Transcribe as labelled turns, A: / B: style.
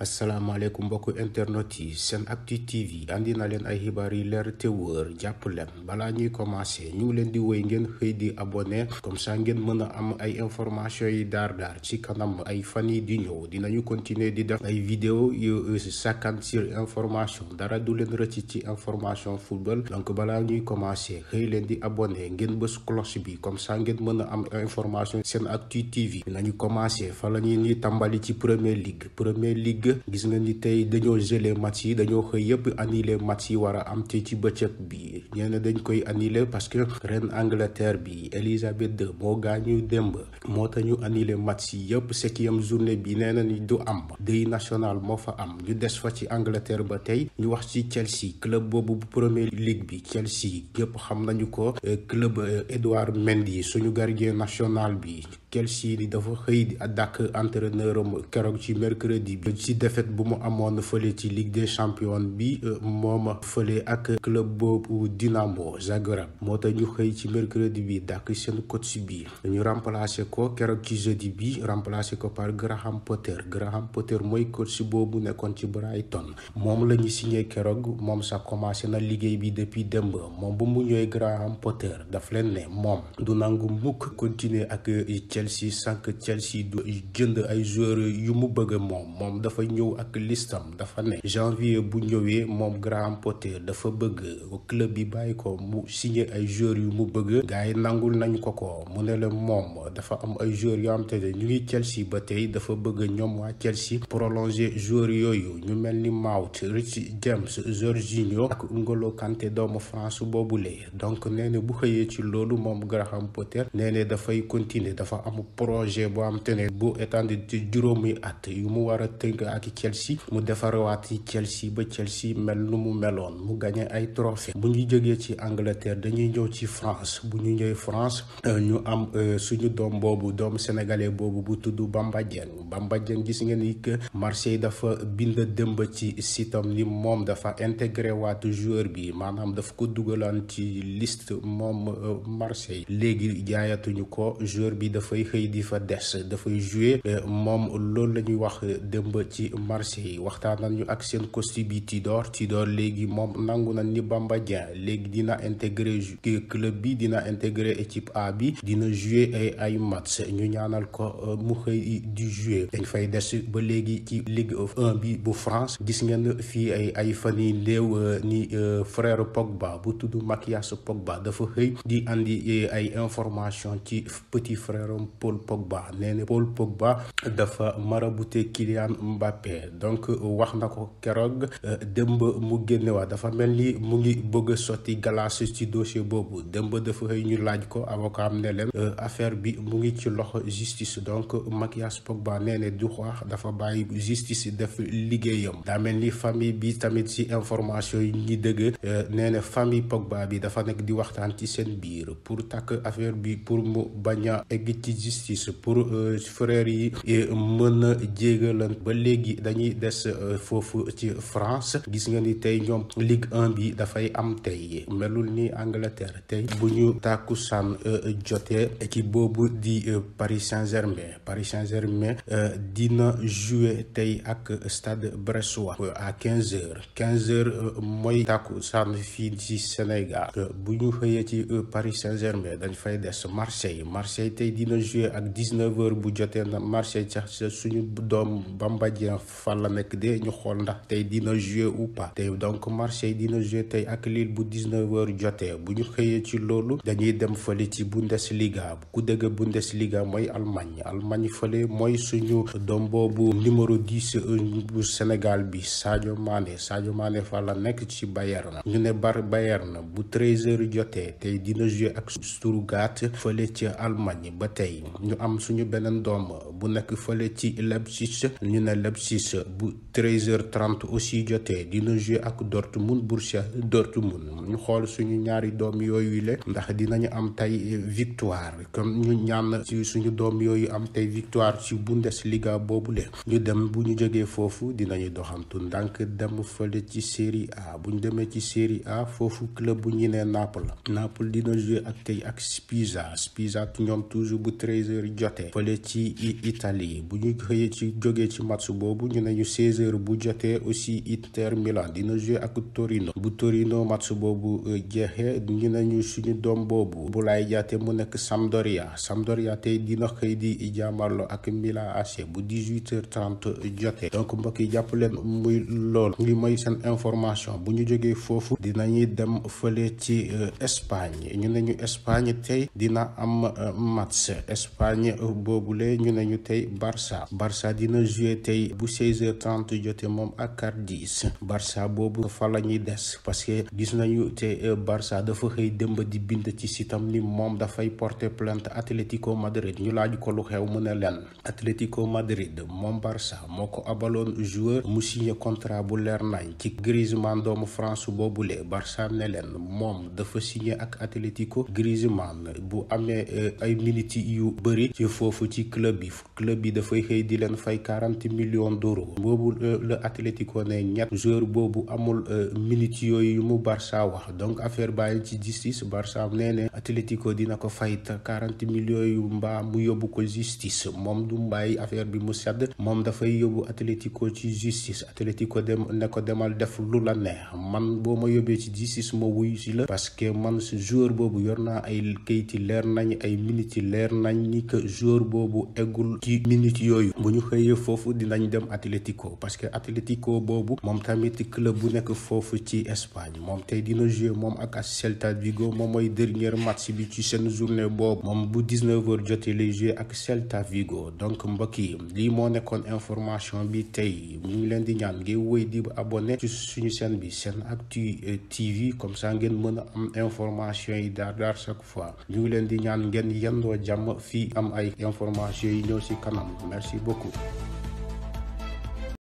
A: asalaamaaleykum mbokk internet yi seen SENactu TV andi na leen ay xibaar yi leer te wóor jàpp leen balaa ñuy commencé ñu ngi leen di woy ngeen xëy di abonné comme ça ngeen mën a am ay information yi daar daar ci kanam ay fan yi di ñëw dina ñu continuer di def ay vidéo yu sakkan sur information dara du leen rëcc ci information football donc balaa ñuy commencé xëy leen di abonné ngeen bës cloche bi comme ça ngeen mën a am information SENactu TV dinañu commencé fa la ñuy ñuy tàmbali ci Premier League League gis nga ni tey dañoo gelé match yi dañoo xëy yëpp annulé match yi war a am te ci bëccëg bi ñenn dañ koy annulé parce que reine Angleterre bi Elisabeth II moo gaañu démb moo tax ñu annulé match yi yëpp septième journée bi nee na ni du am deuil national moo fa am ñu des fa ci Angleterre ba tey ñu wax ci Chelsea club boobu bu Premier League bi Chelsea yëpp xam nañu ko eh, club eh, Edouard yi suñu gardien national bi. Chelsea di dafa xëy di dàkk entraîneur am keroog ci mercredi bi ci défaite bu mu amoon fële ci Ligue des champions bi euh, moom a fële ak club boobu Dinamo Zagreb moo tax ñu xëy ci mercredi bi dàkk seen coach bi dañu remplacé ko keroog ci jeudi bi remplacé ko par Graham Potter Graham Potter mooy coach boobu nekkoon ci Brighton moom la ñu signé keroog moom sax commencé na liggéey bi depuis démb moom bu mu ñëwee Graham Potter daf leen ne moom du nangu mukk continuer ak Chelsea sànq Chelsea du jënd ay joueurs yu mu bëgg moom moom dafa ñëw ak listam dafa ne janvier bu ñëwee moom Graham Potter dafa bëgg club bi bàyyi ko mu signé ay joueurs yu mu bëgg gars yi nangul nañ ko ko mu ne la moom dafa am ay joueurs yoo xam te ne ñu ngi Chelsea ba tey dafa bëgg ñoom waa Chelsea prolonger joueurs yooyu ñu mel ni Mount Rich James Jorginho ak N'Golo Kanté doomu France boobule donc nee na bu xëyee ci loolu moom Graham Potter nee na dafay continuer am projet bu am te ne bu étendre ci juróomi at yu mu war a tënk ak Chelsea mu defarawaat ci Chelsea ba Chelsea mel nu mu meloon mu gagné ay trophée bu ñu jógee ci Angleterre dañuy ñëw ci France bu ñu ñëwee France euh, ñu am euh, suñu doom boobu doom sénégalais boobu bu tudd Bamba Dieng Bamba Dieng gis ngeen ni que Marseille dafa bind dëmb ci sitom ni moom dafa intégré waat joueur bi maanaam dafa ko dugalaan ci list moom euh, Marseille léegi jaayatuñu ko joueur bi dafay xëy di fa des dafay jouer euh, moom loolu la ñuy wax euh, démb ci marché yi waxtaan nañu ak seen costi bi Tidor Tidor léegi moom nangu na ni Bamba Dieng léegi dina intégré club bi dina intégré équipe A bi dina jouer ay ay match ñu ñaanal ko euh, mu xëy di jouer dañ fay des ba léegi ci Ligue 1 bi bu France gis ngeen fii ay ay fan yi néew ni frère Pogba bu tudd Mathias Pogba dafa xëy di information ci petit frère moom Paul Pogba nee na Paul Pogba dafa marabute Kylian Mbappé donc wax na ko keroog démb mu génne wax dafa mel ni mu ngi bëgg sotti glace ci dossier boobu démb dafa xëy ñu laaj ko avocat am ne euh, affaire bi mu ngi ci loxo justice donc Mathias Pogba nee na du wax dafa bàyyi justice def liggéeyam daa mel ni famille bi tamit ci information yi ngi dëgg euh, nee na famille Pogba bi dafa nekk di waxtaan ci seen biir pour takk affaire bi pour mu bañ egg ci justice pour euh, frère yi mën na jégalan ba léegi dañuy des euh, foofu ci France gis nga ni tey ñoom Ligue 1 bi dafay am tey melul ni Angleterre tey bu ñu tàkku tàkkusaan euh, jotee équipe boobu di Paris Saint-Germain Paris Saint-Germain dina jouer tey ak Stade Bressois à quinze heures quinze heures mooy tàkkusaan ci Sénégal bu ñu xëyee ci Paris Saint-Germain dañ fay des Marseille Marseille tey dina joué ak 19h bu jotee na marché ca suñu doom Bamba Dieng fan la nekk de ñu xool ndax tey dina joué ou tey donc marché dina joué tey ak Lille bu 19h jotee bu ñu xëyee ci loolu dañuy dem fële ci Bundesliga ku dëgg Bundesliga mooy Allemagne Allemagne fële mooy suñu doom boobu numéro 10 bu Sénégal bi Sadio Mané Sadio Mané fan la nekk ci Bayern ñu ne bar Bayern bu 13 jotee tey dina joué ak Stuttgart fële ci Allemagne ba tey. yi ñu am suñu beneen doom bu nekk fële ci Leipzig ñu ne Leipzig bu 13h30 aussi jotee dina jouer ak Dortmund Borussia Dortmund ñu xool suñu ñaari doom yooyu le ndax dinañu am tey victoire comme ñu ñaan ci suñu doom yooyu am tey victoire ci liga boobu le ñu dem bu ñu jógee foofu dinañu doxantu ndànk dem fële ci Serie A bu demee ci Serie A foofu club bu ñu nee Naples Naples dina jouer ak tey ak Spezia Spezia ñoom toujours bu treize heures jotee fële ci Italie bu ñu xëyee ci jógee ci match boobu ñu nañu seize heures bu jotee aussi Inter Milan dina jouer ak Torino bu Torino match boobu euh, jeexee ñu nañu suñu doom boobu bu Boulaye Diaté mu nekk Sampdoria Sampdoria tey dina xëy di jàmmarloo ak Milan AC bu dix huit heures trente jotee donc mbokk yi jàpp leen muy lool li mooy seen information bu ñu jógee foofu dinañuy dem fële ci euh, Espagne ñu nañu Espagne tey dina am euh, match Espagne euh, boobule ñu ne ñu tey Barça Barça dina jouer tey bu 16h30 jote moom ak Cardiff Barça boobu fa la ñuy des parce que gis nañu te euh, Barça dafa xëy démb di bind ci si tam ni moom dafay porter plainte Atlético Madrid ñu laaj ko lu xew mu ne leen Atlético Madrid moom Barça moo ko abaloon joueur mu signé contrat bu leer nañ ci Griezmann doomu France boobule Barça ne leen moom dafa signé ak Atlético Griezmann bu amee euh, ay minutes yu bëri ci foofu ci club bi club bi dafay xëy di leen fay quarante millions d'euros boobu euh, la Atlético ne ñett joueur boobu amul euh, minutes yooyu yu mu Barça wax donc affaire baa ci justice Barça nee ne Atlético dina ko fay quarante millions yu mbaa mu yóbbu ko justice moom du bàyyi affaire bi mu sedd moom dafay yóbbu Atlético ci justice Atlético dem ne ko demal def lu la neex man boo ma yóbbee ci justice ma wuyu si la parce man joueur boobu yor naa ay kayiti leer nañ ay minutes leer nañ ni que joueur boobu eggul ci minutes yooyu bu ñu xëyee foofu dinañ dem Atlético parce que Atlético boobu moom tamit club bu nekk foofu ci Espagne moom tey dina jouer moom ak Celta Vigo moom mooy dernier match bi ci seen journée boobu moom bu 19h jotee lay jouer ak Celta Vigo donc mbokk yi lii moo nekkoon information bi tey ñu ngi leen di ñaan ngeen wéy di abonné ci suñu chaîne bi SENactu TV comme ça ngeen mën a am information yi daar daar chaque fois ñu ngi fii am ay information yi ñëw si kanam merci beaucoup